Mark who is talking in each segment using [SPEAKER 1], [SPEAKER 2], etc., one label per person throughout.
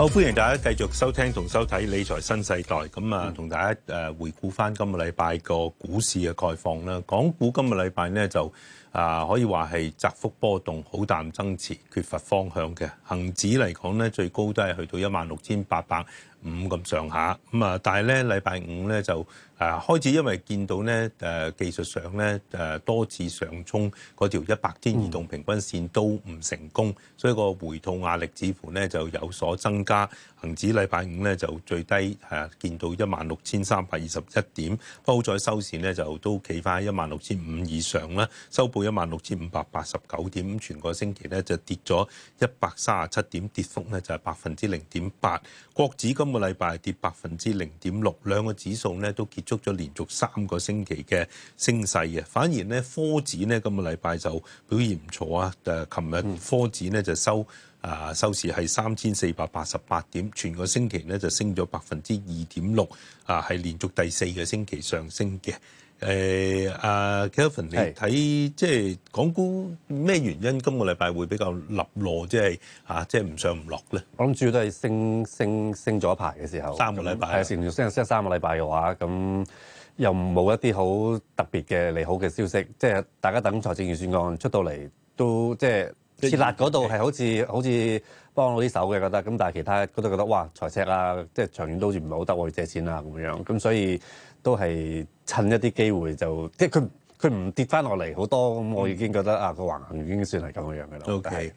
[SPEAKER 1] 好，歡迎大家繼續收聽同收睇《理財新世代》。咁啊，同大家誒、呃、回顧翻今個禮拜個股市嘅概況啦。港股今個禮拜呢，就～啊，可以話係窄幅波動，好淡增持，缺乏方向嘅。恒指嚟講咧，最高都係去到一萬六千八百五咁上下。咁啊，但係咧，禮拜五咧就啊開始，因為見到咧誒技術上咧誒多次上衝嗰條一百天移動平均線都唔成功，所以個回吐壓力似乎咧就有所增加。恒指禮拜五咧就最低嚇見到一萬六千三百二十一點，不過好在收市呢，就都企翻一萬六千五以上啦，收報一萬六千五百八十九點，全個星期咧就跌咗一百三十七點，跌幅咧就係百分之零點八。國指今個禮拜跌百分之零點六，兩個指數呢都結束咗連續三個星期嘅升勢嘅，反而呢，科指呢今個禮拜就表現唔錯啊！誒，琴日科指呢就收。啊，收市係三千四百八十八點，全個星期咧就升咗百分之二點六，啊係連續第四個星期上升嘅。誒、啊，阿、啊、Kelvin，是你睇即係港股
[SPEAKER 2] 咩原因今個禮拜會比較立落，即、就、係、是、啊，即係唔上唔落咧？我諗主要都係升升升咗一排嘅時候，三個禮拜升升三個禮拜嘅話，咁又冇一啲好特別嘅利好嘅消息，即、就、係、是、大家等財政預算案出到嚟都即係。就是設立嗰度係好似好似幫到啲手嘅覺得。咁但係其他人都都覺得嘩，財赤啊，即係長遠都好似唔係好得，我要借錢啊咁樣，咁所以都係趁一啲機會就即係佢。佢唔跌翻落嚟好多，咁我已經覺得啊個橫行已經算係咁樣嘅啦。O K，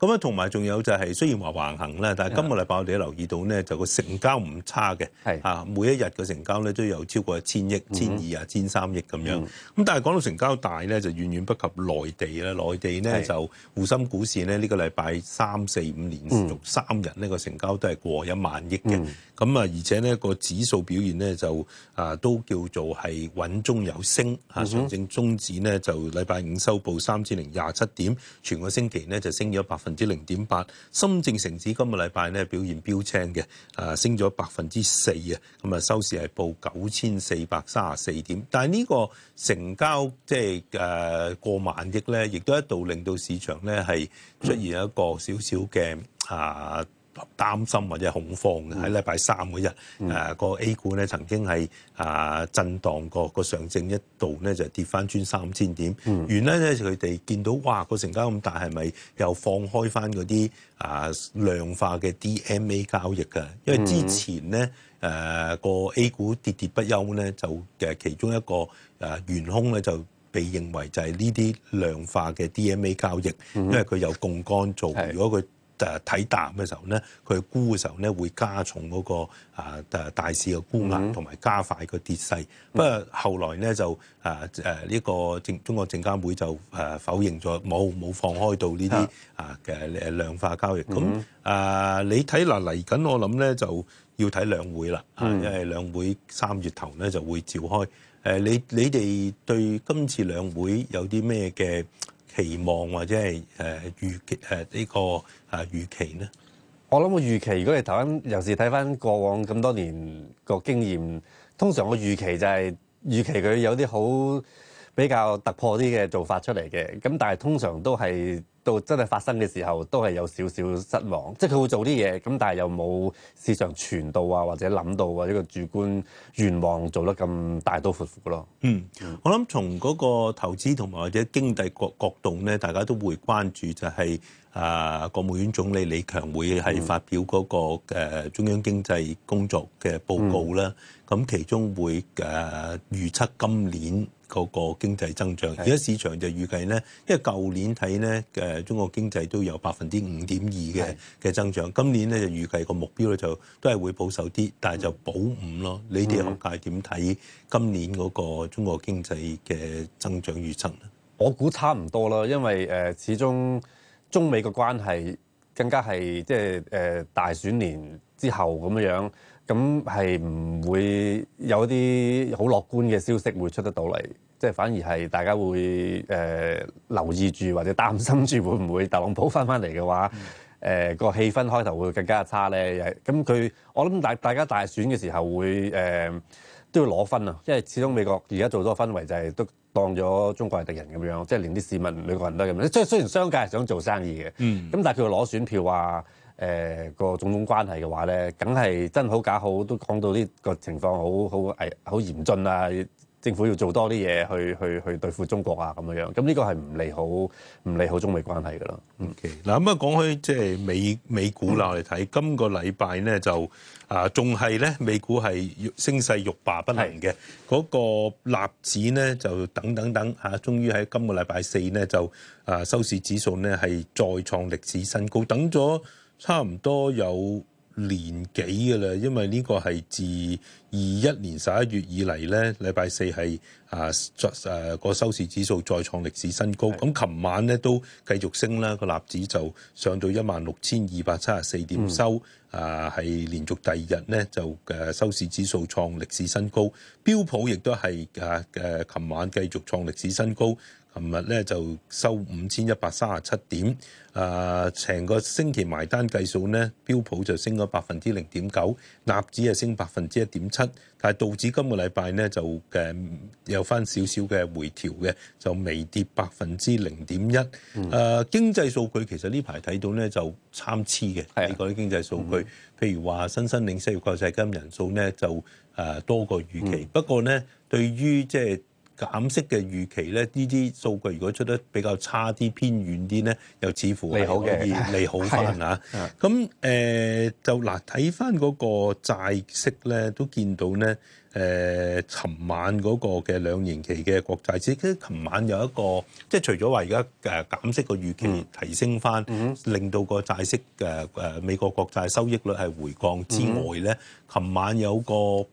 [SPEAKER 2] 咁樣同埋仲有就係雖然話橫行咧，但係今
[SPEAKER 1] 個禮拜我哋留意到咧，就個成交唔差嘅，嚇每一日嘅成交咧都有超過一千億、千二啊、千三億咁樣。咁但係講到成交大咧，就遠遠不及內地啦。內地咧就滬深股市咧呢個禮拜三四五連續三日呢個成交都係過一萬億嘅。咁啊而且呢個指數表現咧就啊都叫做係穩中有升上中指呢就禮拜五收報三千零廿七點，全個星期呢就升咗百分之零點八。深圳成指今個禮拜呢表現標青嘅，啊升咗百分之四啊，咁啊收市係報九千四百三十四點。但係呢個成交即係誒過萬億呢，亦都一度令到市場呢係出現一個少少嘅啊擔心或者恐慌嘅。喺禮拜三嗰日，誒個、嗯啊、A 股咧曾經係啊震盪過、那個上證一度咧就跌翻穿三千點，嗯、原來咧佢哋見到哇個成交咁大，係咪又放開翻嗰啲啊量化嘅 DMA 交易㗎？因為之前咧誒個 A 股跌跌不休咧就嘅其中一個誒元兇咧就被認為就係呢啲量化嘅 DMA 交易，嗯、因為佢有槓桿做，如果佢誒睇淡嘅時候咧，佢沽嘅時候咧會加重嗰個啊誒大市嘅沽壓，同埋、嗯、加快個跌勢。嗯、不過後來咧就誒誒呢個證中國證監會就誒否認咗，冇冇放開到呢啲啊嘅誒量化交易。咁啊、嗯嗯呃，你睇嗱嚟緊我諗咧就要睇兩會啦，嗯、因為兩會三月頭咧就會召開。誒、呃、你你哋對今次兩會有啲咩嘅？期
[SPEAKER 2] 望或者係誒預期誒呢個啊預期咧？我諗個預期，如果你頭先尤其是睇翻過往咁多年個經驗，通常我預期就係、是、預期佢有啲好，比較突破啲嘅做法出嚟嘅，咁但係通常都係到真係發生嘅時候，都係有少少失望。即係佢會做啲嘢，咁但係又冇市場傳導啊，或者諗到或者個主觀願望做得咁大刀闊斧咯。嗯，我諗從嗰個投資同埋或者經濟角角度
[SPEAKER 1] 咧，大家都會關注就係、係、啊，國務院總理李強會係發表嗰、嗰個、嗯、中央經濟工作嘅報告啦。咁、嗯、其中會誒、啊、預測今年，個個經濟增長，而家市場就預計呢，因為舊年睇呢，誒中國經濟都有百分之五點二嘅嘅增長，今年呢，就預計個目標呢，就都係會保守啲，但係就保五咯。你哋學界點睇
[SPEAKER 2] 今年嗰個中國經濟嘅增長預測咧？我估差唔多啦，因為誒、呃，始終中美嘅關係更加係即係誒大選年之後咁樣。咁係唔會有一啲好樂觀嘅消息會出得到嚟，即、就、係、是、反而係大家會、呃、留意住或者擔心住會唔會特朗普翻翻嚟嘅話，誒、嗯呃那個氣氛開頭會更加差咧。咁佢我諗大大家大選嘅時候會、呃、都要攞分啊，因為始終美國而家做咗個氛圍就係都當咗中國係敵人咁樣，即、就、係、是、連啲市民每個人都咁樣。係雖然商界係想做生意嘅，咁、嗯、但係佢會攞選票啊。誒個總總關係嘅話咧，梗係真好假好，都講到呢個情況好好誒好嚴峻啊！政府要做多啲嘢去去去對付中國啊咁樣，咁呢個係唔利好唔利好中美關係㗎咯。O K，嗱咁啊，講開即係美美股啦我哋睇，今
[SPEAKER 1] 個禮拜咧就啊仲係咧美股係升勢欲罷不能嘅，嗰是個納指咧就等等等嚇、啊，終於喺今個禮拜四咧就、啊、收市指數咧係再創歷史新高，等咗。差唔多有年幾嘅啦，因為呢個係自二一年十一月以嚟，呢禮拜四係啊，誒個收市指數再創歷史新高。咁琴是晚呢都繼續升啦，個納指就上到一萬六千二百七十四點收，啊係、嗯、連續第二日呢，就嘅收市指數創歷史新高，標普亦都係嘅嘅，琴晚繼續創歷史新高。琴日咧就收五千一百三十七點，啊、呃，成個星期埋單計數咧，標普就升咗百分之零點九，納指就升百分之一點七，但係道指今個禮拜咧就誒、呃、有翻少少嘅回調嘅，就微跌百分之零點一。誒、嗯啊、經濟數據其實看到呢排睇到咧就參差嘅，美國啲經濟數據，嗯、譬如話新新領失業救濟金融人數咧就誒多過預期，嗯、不過咧對於即係。減息嘅預期咧，呢啲數據如果出得比較差啲、偏遠啲咧，又似乎係可以利好翻吓。咁誒、呃、就嗱，睇翻嗰個債息咧，都見到咧。誒，琴、呃、晚嗰個嘅兩年期嘅國債，跟琴晚有一個，即係除咗話而家誒減息個預期、嗯、提升翻，嗯、令到個債息嘅誒、呃、美國國債收益率係回降之外咧，琴、嗯、晚有個誒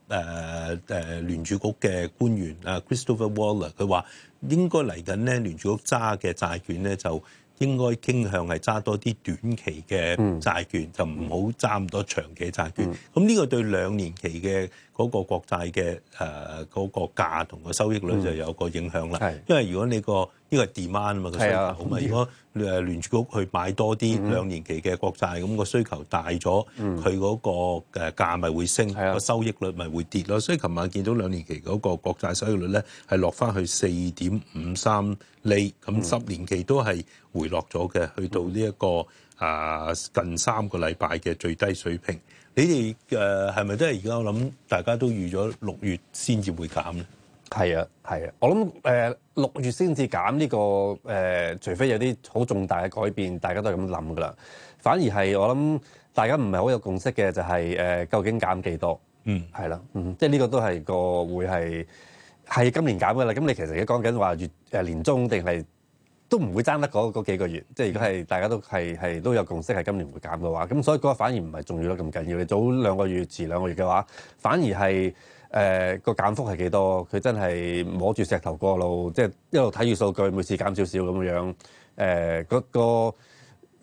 [SPEAKER 1] 誒聯儲局嘅官員啊 Christopher Waller，佢話應該嚟緊咧聯儲局揸嘅債券咧就。應該傾向係揸多啲短期嘅債券，嗯、就唔好揸咁多長期嘅債券。咁呢、嗯、個對兩年期嘅嗰個國債嘅誒嗰個價同個收益率就有一個影響啦。嗯、因為如果你個呢個係 demand，啊嘛，個需求，需求啊嘛，如果誒聯儲局去買多啲兩年期嘅國債，咁個、嗯、需求大咗，佢嗰、嗯、個誒價咪會升，個、嗯、收益率咪會跌咯。所以琴晚見到兩年期嗰個國債收益率咧係落翻去四點五三厘，咁十年期都係回落咗嘅，嗯、去到呢一個啊近三個禮拜嘅最低水平。你哋誒係咪都係而家我諗大家都預咗六月先至會減
[SPEAKER 2] 咧？係啊，係啊，我諗誒六月先至減呢，這個誒、呃，除非有啲好重大嘅改變，大家都係咁諗噶啦。反而係我諗大家唔係好有共識嘅，就係、是、誒、呃、究竟減幾多？嗯，係啦，嗯，即係呢個都係個會係係今年減噶啦。咁你其實而家講緊話月誒年中定係都唔會爭得嗰幾個月。即係如果係大家都係係都有共識係今年會減嘅話，咁所以嗰個反而唔係重要得咁緊要。你早兩個月遲兩個月嘅話，反而係。誒個減幅係幾多？佢真係摸住石頭過路，即係一路睇住數據，每次減少少咁樣。誒、呃，嗰個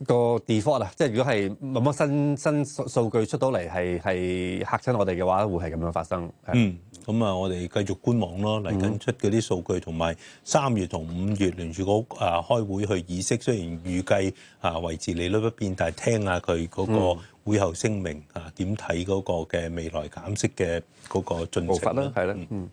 [SPEAKER 2] 個 default 啊，即係如果係冇乜新新數，數據出到嚟，係係嚇親我哋嘅話，會係咁樣發生。嗯。咁啊，我哋繼續
[SPEAKER 1] 觀望咯。嚟緊出嗰啲數據同埋三月同五月聯儲局啊開會去議息，雖然預計啊維持利率不變，但係聽下佢嗰個會後聲明啊點睇嗰個嘅未來減息嘅嗰個進程啦。係啦，嗯。